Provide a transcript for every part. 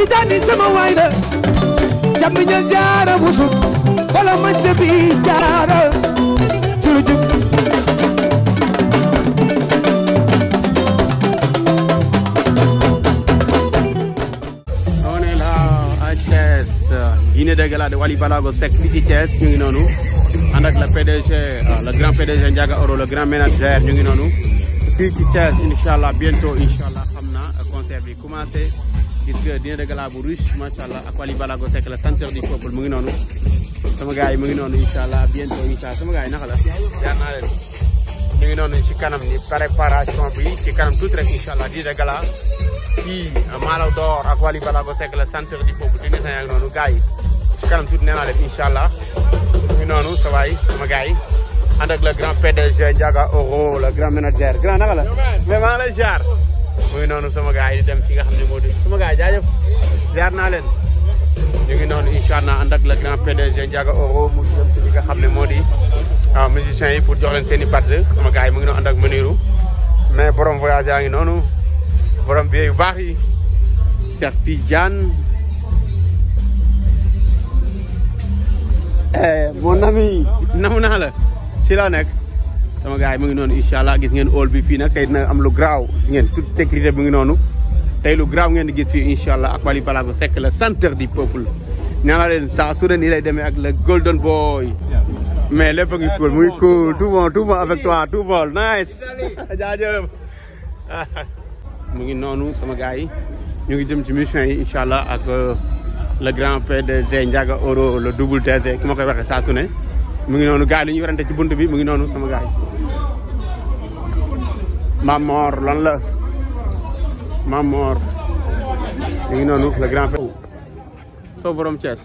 tijani sama waay la jamiñal jaara busu wala man se bi jaara jurujub on est là à Thiès Guinée ñu ngi noonu ànd ak la PDG euh, le grand PDG Ndiaga Oro le grand manager ñu ngi noonu fii ci Thiès incha allah affaire bi commencé gis nga dîner de gala bu riche macha allah ak Wally Ballago Seck la chanteur du peuple mu ngi noonu sama gars yi mu ngi noonu incha allah bientôt incha allah sama gars naka la jaar naa leen ngi noonu ci kanam ni préparation bi ci kanam tuuti rek allah dîner de gala fii Malaw Door ak Wally Ballago Seck la chanteur du peuple di nesa ak noonu gars yi ci kanam tuuti nee naa leen incha allah mu ngi noonu sa waay sama gars yi ànd ak grand PDG Ndiaga Oro le grand manager grand naka muy noonu sama gars yi di dem fi nga xam ne moo di sama gars yi jaajëf ziar naa leen ngi noonu incha allah ànd ak le grand PDG Ndiaga Oro mu jëm ci li nga xam ne moo di ah yi pour jox seeni seen i badge sama gars mu ngi noonu ànd ak Muniru mais borom voyage yaa ngi noonu borom biir yu baax yi Cheikh Tidiane eh, mon namu naa la si laa nekk. sama gars mu ngi noonu incha allah gis ngeen óol bi fi na tey dina am lu graaw gis ngeen toute sécurité mu ngi noonu tey lu graaw ngeen di gis fii incha allah ak Wally Ballago Seck le centre du peuple nee naa leen saa su lay demee ak la golden boy mais lépp a ngi cool mu ngi cool tout bon tout avec toi tout bon nice jaajëf mu ngi noonu sama gars yi ñu ngi jëm i mission yi incha allah ak euh, le grand PDG Ndiaga Oro le double DG ki ma koy waxee saa su mu ngi noonu gars yi li ñu werante ci bunt bi mu ngi noonu sama gars yi Mame Mor la Mame Mor mu ngi noonu le grand frère soo borom Thiès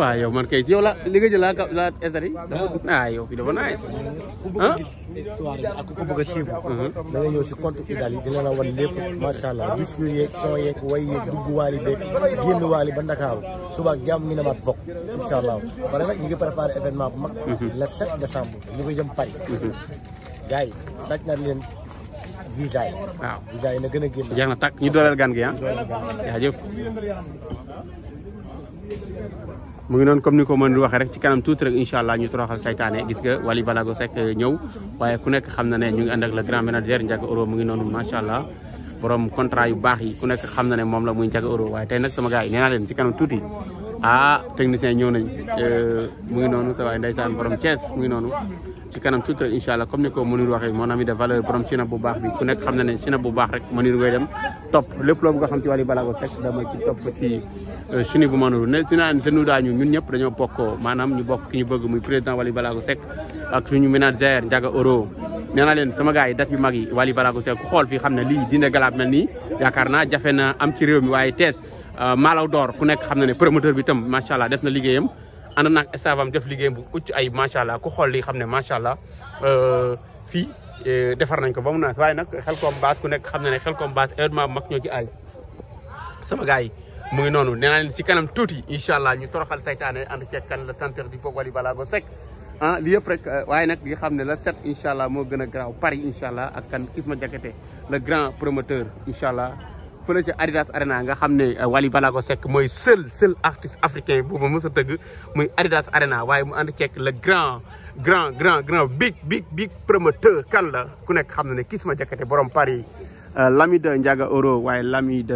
waaw yow man kay yow la li nga jël laa laa ah, yow fi dafa naaj ah soirée bi a suivre lépp macha allah discours yeeg son yeeg ba Ndakaaru suba ak jàmm ñu ne maat foog incha allah pare nag préparé événement bu mag mhm. le 7 décembre ñu ngi jëm Paris mhm. gars yi sàcc na leen visa yi na gën a génn jeex na tàkk ñu dooleel gan gi ah jaajëf mu ngi noonu comme ni ko mën waxee rek ci kanam tuuti rek incha ñu toroxal saytaane gis nga Wally Balago Seck eh, ñëw waaye ku nekk xam na ne ñu ngi ànd ak le grand manager Ndiaga Euro mu ngi noonu macha allah borom contrat yu baax yi ku nekk xam na ne moom la muy Ndiaga Euro waaye tey nag sama gars yi nee naa leen ci kanam tuuti ah technicien ñëw nañ eh, mu ngi noonu sa waaye ndeysaan borom Thiès mu ngi noonu ci kanam tuuti rek incha allah comme ni ko Mounir waxee mon ami de valeur borom Chine bu baax bi ne Chine bu baax rek Mounir loo bëgg xam ci Wally Balago Seck dama ci topp Euh, Chini bu Manuru ne si naan te daañu ñun ñëpp dañoo bokkoo maanaam ñu bokk ki ñu bëgg muy président Wally Ballago Seck ak suñu ménagère Ndiaga Oro nee leen sama gars yi date yu mag yi Wally Ballago Seck ku xool fii xam ne lii dina galaab na ni yaakaar naa jafe na am ci réew mi waaye tees euh, Malaw Door ku nekk xam na ne promoteur bi tam macha allah def na liggéeyam ànd naag staffam def liggéeyam bu ucc ay macha allah ku xool lii xam ne macha allah euh, fii defar nañ ko ba mu naat waaye nag xel koom ku nekk xam na ne xel koom baas mag ñoo ci aay sama yi mu noonu nee naa leen kanam tuuti incha allah ñu toroxal saytaane ànd ceeg kan la centre di foog wali balaa go ah, li yëpp rek euh, waaye nag li xam ne la set incha allah moo gën garaaw Paris incha allah ak kan ma Jakate le grand promoteur incha allah fële ca Adidas Arena nga xam ne euh, Wally Ballago Seck mooy seul seul artiste africain bu ma mës tëgg muy Adidas Arena waaye mu ànd ceeg la grand grand grand grand big big big promoteur kan la ku nekk xam na ne Kif ma Jakate borom Paris. Euh, lami de Ndiaga Euro waaye Lami de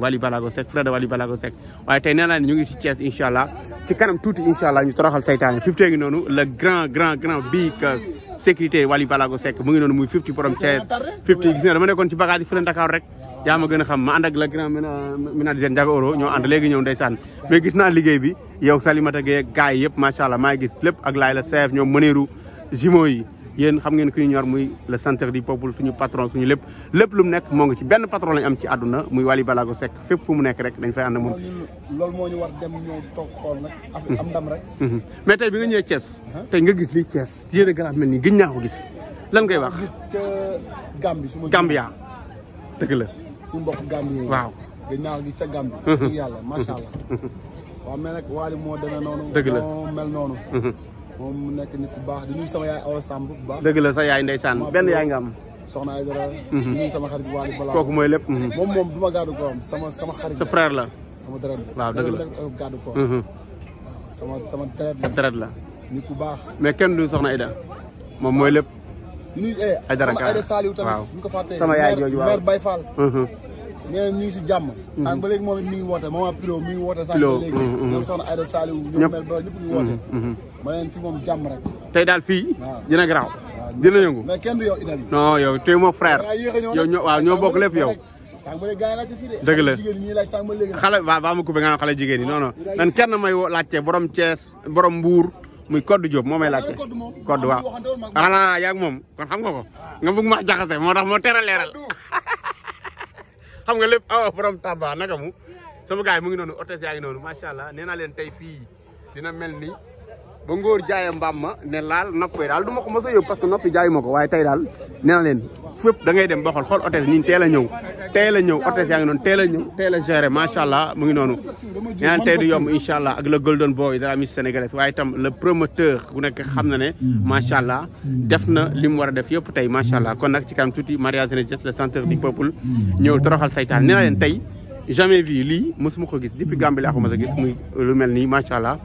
Wally Balago Seck frère de Wally Balago Seck waaye tey nee naa ñu ngi ci Thiès incha allah ci kanam tuuti incha allah ñu toroxal saytaane Fifty noonu le grand grand grand big euh, sécurité Wally Balago sek mu ngi noonu muy Fifty borom Thiès Fifty gis nga dama nekkoon ci bagage yi fële rek yaa ma gën a xam ma ànd ak le grand ménagère Ndiaga Euro ñoo ànd léegi ñëw ndeysaan mais gis naa liggéey bi yow Salimata Gueye gars yi yëpp macha allah maa ngi gis lépp ak laay la seef ñoom yi yéen xam ngeen ku ñu ñor muy le centre du peuple suñu patron suñu lépp lépp lu mu nekk moo ngi ci benn patron lañu am ci àdduna muy Wally Ballago Seck fépp fu mu nekk rek dañ fay ànd moom. loolu moo ñu war dem ñëw toog xool nag. am ndam rek. Mhm. Mhm. mais tey bi nga ñëwee Thiès. tey nga gis lii Thiès yéen a gën a mel nii gën naa ko gis lan ngay wax. gis ca Gambie su ma. Gambia dëgg la. suñu mbokk Gambie yi. waaw gën naa ko gis ca mhm. yàlla macha allah. waaw mais nag Wally moo demee noonu. dëgg la moo mel noonu. moom mu nekk nit ku baax di nuyu sama yaay Awa Samb bu baax. dëgg la sa yaay ndeysaan benn yaay nga am. soxna ay dara. Mhm. sama xarit bu Waly kooku mooy lépp. Mhm. moom moom du ma gàddu am sama sama xarit. la. sama deret la la gàddu ko am. Mhm. sama sama deret la. deret la. nit ku baax. mais kenn du soxna da moom mooy lépp. nuyu eh. ay dara ka waaw sama tamit. ko fàttee. sama yaay jooju waaw maire nee ñu ngi si jàmm. Mhm. sànq ba léegi moom it mi ngi woote maman Pilo mi ngi woote. sànq ba mhm, mhm. fi moom jàmm rek. tey daal fii. dina garaaw dina yëngu. mais kenn du yow Idali. non yow tey moom yi laajte fii de. la jigéen ñi laaj sànq ba léegi. xale waaw ma coupé nga xale jigéen ñi non non man may laajte borom Thiès borom Mbour muy Codou Diop moo may laajte Codou waaw. xanaa yaa moom kon xam nga ko ah. nga bëgg ma jaxase moo tax moo xam nga lépp awa borom Tamba naka mu sama gars yi mu ngi noonu hôtesse yaa ngi noonu macha allah nee naa leen tey fii dina mel ni ba ngoor jaayee mbaam ma ne laal nopp yi daal du ma ko mos a que noppi jaayu ma ko waaye tey daal nee na leen fépp da ngay dem ba xool xool hôtesse ñun teel a ñëw teel a ñëw hôtesse yaa ngi noonu teel a ñëw teel a géré macha allah mu ngi noonu nee naan tey du yomb incha allah ak le golden boy de la Miss Sénégalais waaye itam le promoteur ku nekk xam na ne macha allah def na li mu war a def yëpp tey macha allah kon nag ci kanam tuuti mariage rejet le centre du peuple ñëw toroxal saytaan nee na leen tey jamais vu lii mosuma ko gis depuis Gambie laa ko mos a gis muy lu mel nii macha allah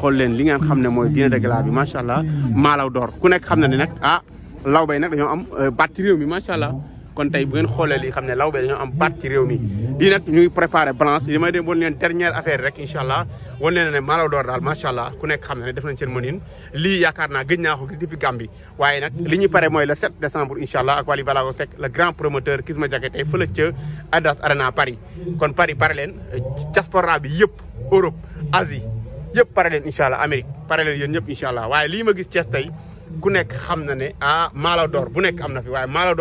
xool leen li ngeen xam ne mooy dîner de gala bi macha allah. Malaw Dóor ku nekk xam na ne nag ah law bay nag dañoo am euh, bàtt réew mi macha allah. kon tey bu ngeen xoolee li xam ne lawbe dañoo am baat ci réew mi lii nag ñuy préparé balance li may dem woon leen dernière affaire rek incha allah wan leen ne maalaw door daal macha allah ku nekk xam ne def nañ seen mënin lii yaakaar naa gëj naa ko depuis waaye nag li ñu pare mooy le 7 décembre incha allah ak Wally Ballago Seck le grand promoteur Kisma Jaxate tey fële ca Adidas Paris kon Paris pare leen diaspora bi yëpp Europe Asie yëpp pare leen waaye lii ma gis Thiès tey xam na ne ah maalaw door bu nekk am na fi waaye maalaw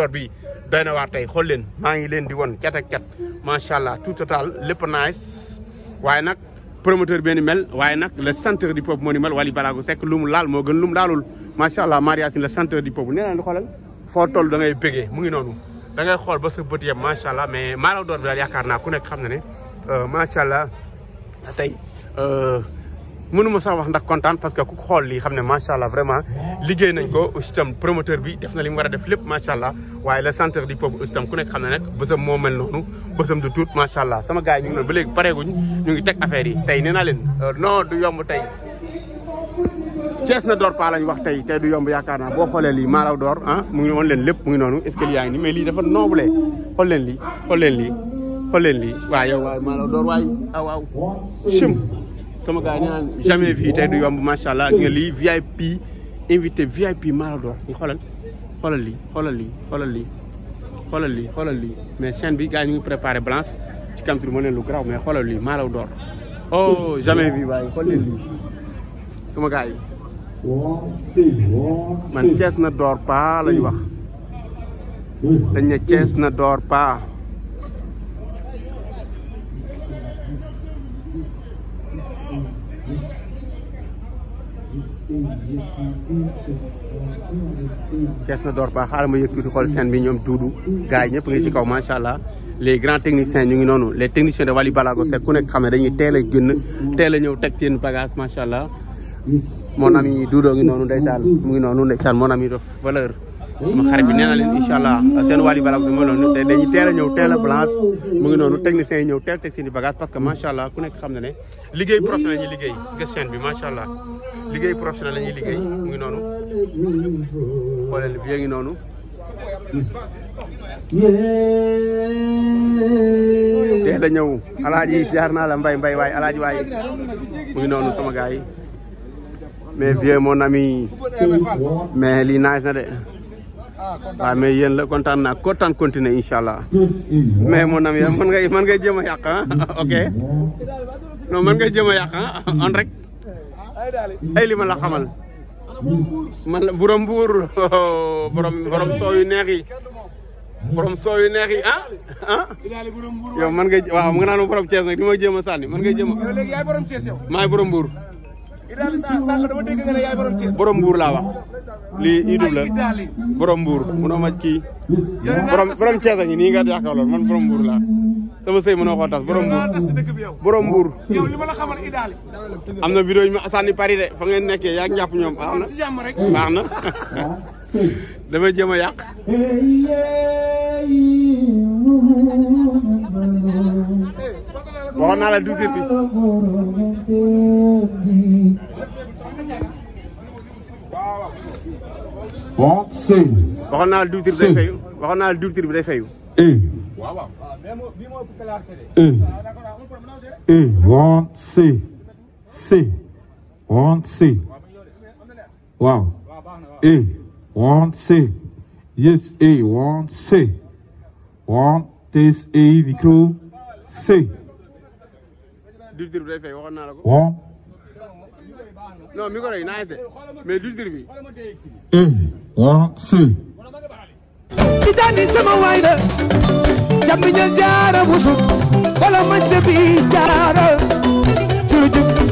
doy na tey xool leen maa ngi leen di won cat ak cat macha allah tout total lépp waaye nag promoteur benn mel waaye nag le centre du peuple moo ni mel Wally Ballago Seck lu mu laal moo gën lu mu laalul macha allah Maria Sine le centre du u nee naa di xoolal foo toll da ngay bégee mu ngi noonu da xool ba sa yem macha allah mais maaraw door bi daal yaakaar naa ku nekk xam na ne euh, macha allah tey. Euh, mënuma sax wax ndax kontaan parce que ku xool lii xam ne macha allah vraiment liggéey nañ ko aussi itam promoteur bi def na li mu war a def lépp macha allah waaye le centre du peuple aussi itam ku nekk xam ne nag bësam moo mel noonu bësam du tuut macha allah sama gars yi ñu noonu ba léegi pareeguñ ñu ngi teg affaire yi tey nee naa leen euh, non du yomb tey Cees na door paa lañ wax tey tey du yomb yaakaar naa boo xoolee li maalaw door ah mu ngi woon leen lépp mu ngi noonu est-ce que lii yaa ngi nii mais lii dafa noble xool leen lii xool sama gars yi nee naan oh, tey du yomb macha allah nga lii VIP invité VIP Marador ñu xoolal xoolal lii xoolal lii xoolal lii xoolal lii xoolal lii mais chaîne bi gars yi ñu ngi préparé balance ci Camtour moo leen lu garaaw mais xoolal lii Marador oh jamais vu waaye xool leen lii sama gars yi man Thiès na door paa lañu wax dañ ne Thiès na door paa Cees na door ba xaaral ma yëg tuuti xool scène bi ñoom Doudou gars yi ñëpp ngi ci kaw macha allah les grands techniciens ñu ngi noonu le techniciens de wali Balago Seck ku nekk xam ne dañuy teel a génn teel a ñëw teg seen bagage macha allah mon ami Doudou ngi noonu ndeysaan mu ngi noonu ndeysaan mon ami def valeur sama xarit bi nee na leen incha allah seen Wally Balago bi mooy loolu dañuy teel ñëw teel a mu ngi noonu techniciens yi ñëw teel teg seen i bagage parce que macha ku nekk xam ne ne liggéey professionnel la liggéey bi macha allah liggéey professionnel mu ngi noonu xoolal bi ngi noonu. teel a ñëw alaaji jaar naa la mbay mbay waaye alaaji waaye mu ngi noonu sama gars yi mais vieux mon ami mais lii naaj na de waaw ah, mais la kontaan naa kontaan continuer incha allah mais mon ami man ngay man ngay jéem a ah. non man nga jëm a yàq ah, on rek ay li ma la xamal man la borom buur oh, borom borom soo yu neex yi borom soo yu neex yi ah ah nga waaw mu nga naan borom Thiès nag di ma jéem a sànni man nga jéem maay borom buur. Idaali sànq laa wax lii idub la borom buur munoo ma kii. borom borom Thiès a ngi nii nga yaakaaroon man borom buur laa. sama sëy mënoo koo tas borom mbuur borom mbuur am na vidéo yi ma sànni pari de fa ngeen nekkee yaa njàpp ñoom baax na baax na damay jéem a yàq waxoon naa la du sirbi waxoon naa diwtir bi day fayu naa la diwtir bi day E. E. One C. C. One C. Wow. E. One C. Yes, A. One C. One this A micro C. One. Non, micro yi naa mais duldir bi. E. One C. Idaani sama waay la. jamiñal jaara busum wala mañ se bi jaara jurujum